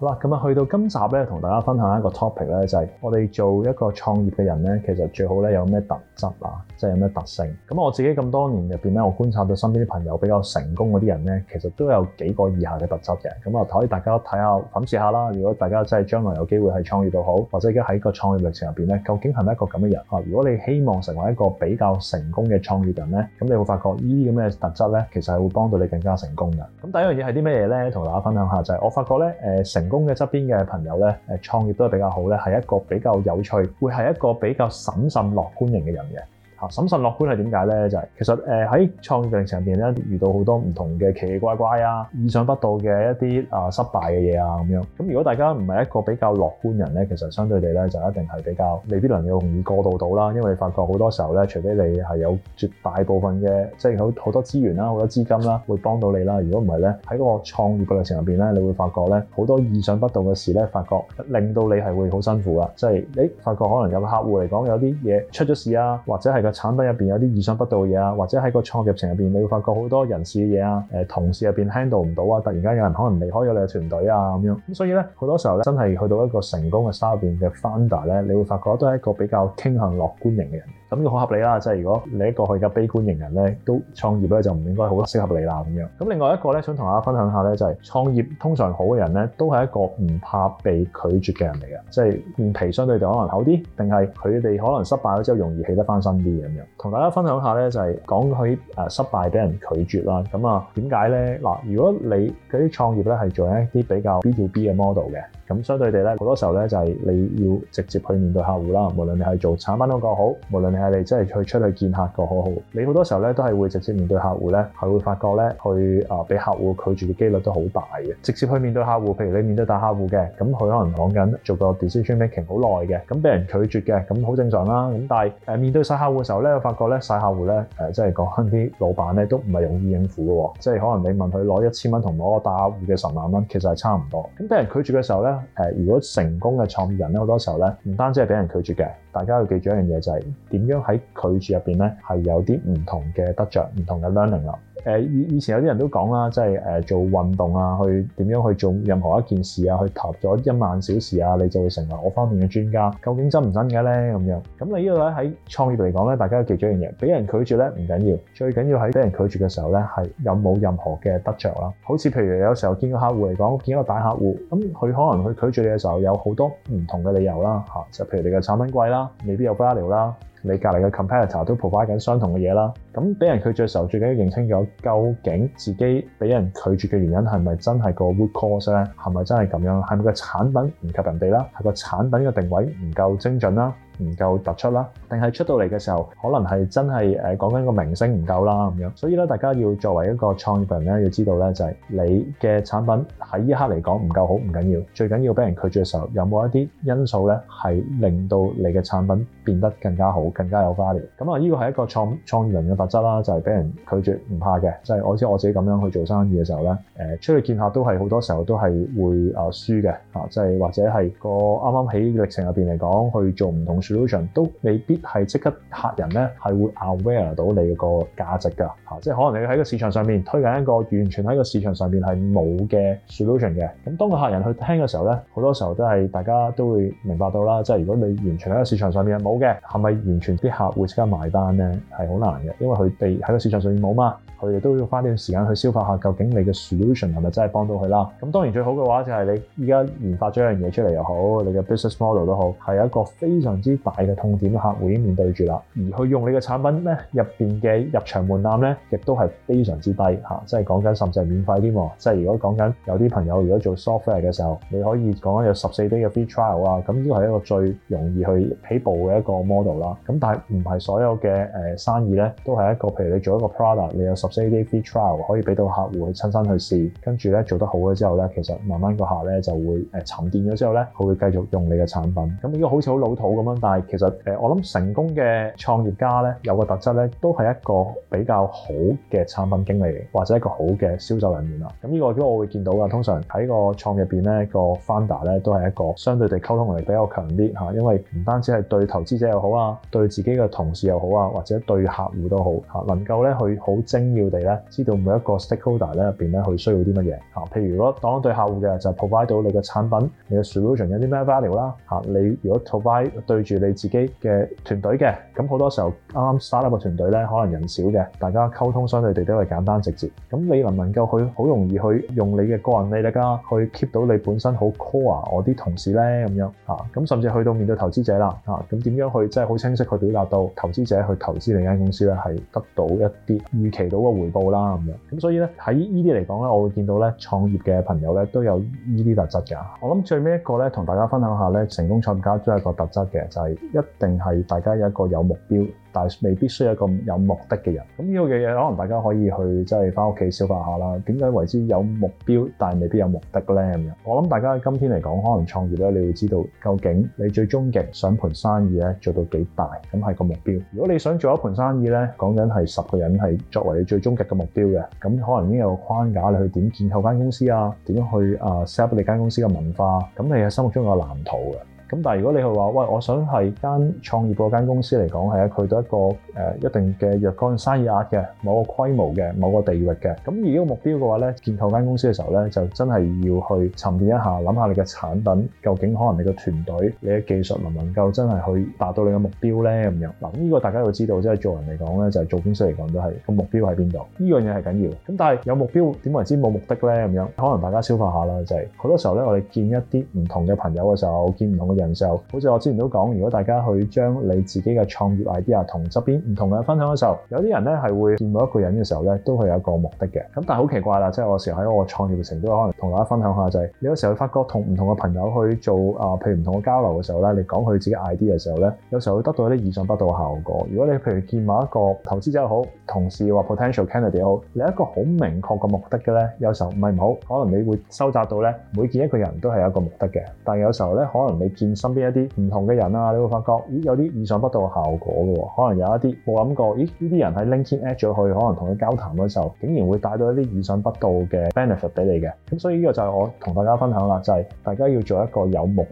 好啦，咁啊，去到今集咧，同大家分享一個 topic 咧，就係我哋做一個創業嘅人咧，其實最好咧有咩特質啊，即係有咩特性。咁我自己咁多年入邊咧，我觀察到身邊啲朋友比較成功嗰啲人咧，其實都有幾個以下嘅特質嘅。咁啊，可以大家睇下、反思下啦。如果大家真係將來有機會係創業都好，或者而家喺個創業歷程入邊咧，究竟係咪一個咁嘅人啊？如果你希望成為一個比較成功嘅創業人咧，咁你會發覺呢啲咁嘅特質咧，其實係會幫到你更加成功嘅。咁第一樣嘢係啲咩嘢咧？同大家分享下就係、是、我發覺咧，誒、呃、成。工嘅側邊嘅朋友咧，誒創業都係比較好咧，係一個比較有趣，會係一個比較審慎樂觀型嘅人嘅。審慎樂觀係點解咧？就係、是、其實誒喺、呃、創業過程入邊咧，遇到好多唔同嘅奇奇怪、怪怪啊、意想不到嘅一啲啊、呃、失敗嘅嘢啊咁樣。咁如果大家唔係一個比較樂觀人咧，其實相對地咧就一定係比較未必能夠容易過渡到啦。因為你發覺好多時候咧，除非你係有絕大部分嘅即係好好多資源啦、好多資金啦、啊、會幫到你啦。如果唔係咧，喺個創業嘅過程入邊咧，你會發覺咧好多意想不到嘅事咧，發覺令到你係會好辛苦噶。即係誒發覺可能有個客戶嚟講有啲嘢出咗事啊，或者係產品入邊有啲意想不到嘢啊，或者喺個創業程入邊，你會發覺好多人事嘅嘢啊，誒、呃、同事入邊 handle 唔到啊，突然間有人可能離開咗你嘅團隊啊咁樣，咁所以咧好多時候咧，真係去到一個成功嘅 startup 入邊嘅 founder 咧，你會發覺都係一個比較傾向樂觀型嘅人。咁要好合理啦，即係如果你一個比較悲觀型人咧，都創業咧就唔應該好適合你啦咁樣。咁另外一個咧，想同大家分享下咧，就係創業通常好嘅人咧，都係一個唔怕被拒絕嘅人嚟嘅，即係面皮相對就可能厚啲，定係佢哋可能失敗咗之後容易起得翻身啲咁樣。同大家分享下咧，就係講佢誒失敗俾人拒絕啦。咁啊，點解咧？嗱，如果你嗰啲創業咧係做一啲比較 B to B 嘅 model 嘅。咁相對地咧，好多時候咧就係你要直接去面對客戶啦。無論你係做產品嗰個好，無論你係你真係去出去見客個好好，你好多時候咧都係會直接面對客戶咧，係會發覺咧去啊俾客戶拒絕嘅機率都好大嘅。直接去面對客戶，譬如你面對大客戶嘅，咁佢可能講緊做個 decision making 好耐嘅，咁俾人拒絕嘅，咁好正常啦。咁但係誒面對細客戶嘅時候咧，我發覺咧細客戶咧誒即係講啲老闆咧都唔係容易應付嘅，即係可能你問佢攞一千蚊同攞個大客戶嘅十萬蚊其實係差唔多。咁俾人拒絕嘅時候咧。誒，如果成功嘅創業人咧，好多時候咧，唔單止係俾人拒絕嘅。大家要記住一樣嘢，就係點樣喺拒絕入邊咧，係有啲唔同嘅得着，唔同嘅 learning 啊。誒、呃、以以前有啲人都講啦，即係誒做運動啊，去點樣去做任何一件事啊，去投入咗一萬小時啊，你就會成為嗰方面嘅專家。究竟真唔真嘅咧？咁樣咁你呢度咧喺創業嚟講咧，大家要記住一樣嘢，俾人拒絕咧唔緊要，最緊要係俾人拒絕嘅時候咧係有冇任何嘅得着啦。好似譬如有時候見個客戶嚟講，見一個大客戶，咁佢可能佢拒絕你嘅時候有好多唔同嘅理由啦，嚇、啊、就譬如你嘅產品貴啦。未必有 value 啦，你隔籬嘅 competitor 都 provide 緊相同嘅嘢啦，咁俾人拒絕嘅時候，最緊要認清楚究，究竟自己俾人拒絕嘅原因係咪真係個 root cause 咧？係咪真係咁樣？係咪個產品唔及人哋啦？係個產品嘅定位唔夠精準啦？唔夠突出啦，定係出到嚟嘅時候，可能係真係誒講緊個明星唔夠啦咁樣，所以咧大家要作為一個創業人咧，要知道咧就係你嘅產品喺一刻嚟講唔夠好唔緊要，最緊要俾人拒絕嘅時候，有冇一啲因素咧係令到你嘅產品變得更加好，更加有 value。咁啊，呢個係一個創創業人嘅特質啦，就係、是、俾人拒絕唔怕嘅。即、就、係、是、我知我自己咁樣去做生意嘅時候咧，誒、呃、出去見客都係好多時候都係會啊輸嘅嚇，即、啊、係、就是、或者係個啱啱起嘅歷程入邊嚟講去做唔同 solution 都未必係即刻客人咧係會 aware 到你個價值㗎嚇、啊。即係可能你喺個市場上面推緊一個完全喺個市場上面係冇嘅 solution 嘅。咁、啊、當個客人去聽嘅時候咧，好多時候都係大家都會明白到啦。即係如果你完全喺個市場上面，冇嘅係咪完全啲客戶會即刻埋單呢？係好難嘅，因為佢哋喺個市場上面冇嘛，佢哋都要花一段時間去消化下究竟你嘅 solution 係咪真係幫到佢啦。咁當然最好嘅話就係你依家研發咗一樣嘢出嚟又好，你嘅 business model 都好，係一個非常之大嘅痛點，客戶已經面對住啦。而佢用你嘅產品咧入邊嘅入場門檻呢，亦都係非常之低嚇，啊，即係講緊甚至係免費添喎。即係如果講緊有啲朋友如果做 software 嘅時候，你可以講緊有十四天嘅 free trial 啊，咁呢個係一個最容易去起步嘅。一個 model 啦，咁但係唔係所有嘅誒、呃、生意咧，都係一個譬如你做一個 product，你有14 day free trial 可以俾到客戶去親身去試，跟住咧做得好咗之後咧，其實慢慢個客咧就會誒沉澱咗之後咧，佢會繼續用你嘅產品。咁呢個好似好老土咁樣，但係其實誒、呃、我諗成功嘅創業家咧有個特質咧，都係一個比較好嘅產品經理或者一個好嘅銷售人員啦。咁呢個都我會見到噶，通常喺個創業邊咧、個 founder 咧都係一個相對地溝通能力比較強啲嚇，因為唔單止係對投。資者又好啊，對自己嘅同事又好啊，或者對客戶都好嚇，能夠咧去好精要地咧知道每一個 stakeholder 咧入邊咧佢需要啲乜嘢嚇。譬如如果當對客戶嘅就係 provide 到你嘅產品，你嘅 solution 有啲咩 value 啦嚇。你如果 provide 對住你自己嘅團隊嘅，咁好多時候啱啱 start up 嘅團隊咧，可能人少嘅，大家溝通相對地都係簡單直接。咁你能唔能夠去好容易去用你嘅個人魅力啊，去 keep 到你本身好 core 我啲同事咧咁樣嚇，咁甚至去到面對投資者啦嚇，咁點？咁去真係好清晰去表達到投資者去投資呢間公司咧，係得到一啲預期到嘅回報啦咁樣。咁所以咧喺呢啲嚟講咧，我會見到咧創業嘅朋友咧都有呢啲特質㗎。我諗最尾一個咧，同大家分享下咧，成功創業家都係一個特質嘅，就係、是、一定係大家有一個有目標。但係未必需要一個有目的嘅人，咁呢個嘅嘢可能大家可以去即係翻屋企消化下啦。點解為之有目標，但係未必有目的咧？咁樣我諗大家今天嚟講，可能創業咧，你會知道究竟你最終極想盤生意咧做到幾大，咁係個目標。如果你想做一盤生意咧，講緊係十個人係作為你最終極嘅目標嘅，咁可能已經有個框架，你去點建構間公司啊？點樣去啊 set up 你間公司嘅文化？咁你喺心目中有藍圖嘅。咁但係如果你去話，喂，我想係間創業嗰間公司嚟講，係咧佢到一個誒、呃、一定嘅若干生意額嘅，某個規模嘅，某個地域嘅。咁而呢個目標嘅話咧，建構間公司嘅時候咧，就真係要去沉澱一下，諗下你嘅產品究竟可能你嘅團隊，你嘅技術能唔能夠真係去達到你嘅目標咧？咁樣嗱，呢、這個大家要知道，即、就、係、是、做人嚟講咧，就係、是做，就是、做公司嚟講都係個目標喺邊度？呢樣嘢係緊要。咁但係有目標點為之冇目的咧？咁樣可能大家消化下啦，就係、是、好多時候咧，我哋見一啲唔同嘅朋友嘅時候，見唔同嘅。時候，好似我之前都講，如果大家去將你自己嘅創業 idea 同側邊唔同嘅分享嘅時候，有啲人咧係會見某一個人嘅時候咧，都係有一個目的嘅。咁但係好奇怪啦，即係我時喺我創業嘅過程，都可能同大家分享下就係，你有時候會發覺同唔同嘅朋友去做啊，譬如唔同嘅交流嘅時候咧，你講佢自己 idea 嘅時候咧，有時候會得到一啲意想不到嘅效果。如果你譬如見某一個投資者好，同事或 potential candidate 好，你有一個好明確嘅目的嘅咧，有時候唔係唔好，可能你會收集到咧，每見一個人都係有一個目的嘅。但係有時候咧，可能你見身邊一啲唔同嘅人啊，你會發覺咦，有啲意想不到嘅效果嘅。哦，可能有一啲冇諗過，咦呢啲人喺 LinkedIn add 咗去，可能同佢交談嗰時候，竟然會帶到一啲意想不到嘅 benefit 俾你嘅。咁所以呢個就係我同大家分享啦，就係、是、大家要做一個有目。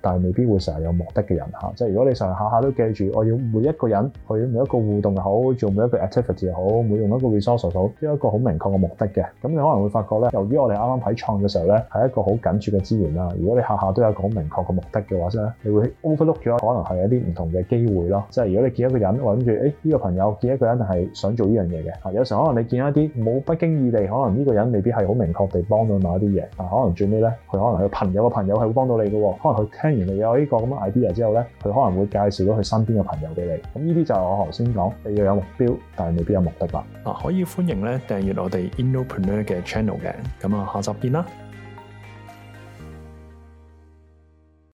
但係未必會成日有目的嘅人嚇。即係如果你成日下下都記住，我要每一個人去每一個互動又好，做每一個 activity 又好，每用一個 resource 又好，都有個好明確嘅目的嘅。咁你可能會發覺咧，由於我哋啱啱喺創嘅時候咧，係一個好緊缺嘅資源啦。如果你下下都有個好明確嘅目的嘅話咧，你會 overlook 咗可能係一啲唔同嘅機會咯。即係如果你見一個人，我諗住誒呢個朋友見一個人係想做呢樣嘢嘅。有時候可能你見一啲冇，不經意地，可能呢個人未必係好明確地幫到某啲嘢。啊，可能最尾咧，佢可能佢朋友嘅朋友係會幫到你嘅。可佢聽完你有呢個咁樣 idea 之後呢，佢可能會介紹到佢身邊嘅朋友俾你。咁呢啲就係我頭先講，你要有目標，但係未必有目的㗎。啊，可以歡迎咧訂閱我哋 Innopreneur 嘅 channel 嘅。咁啊，下集見啦。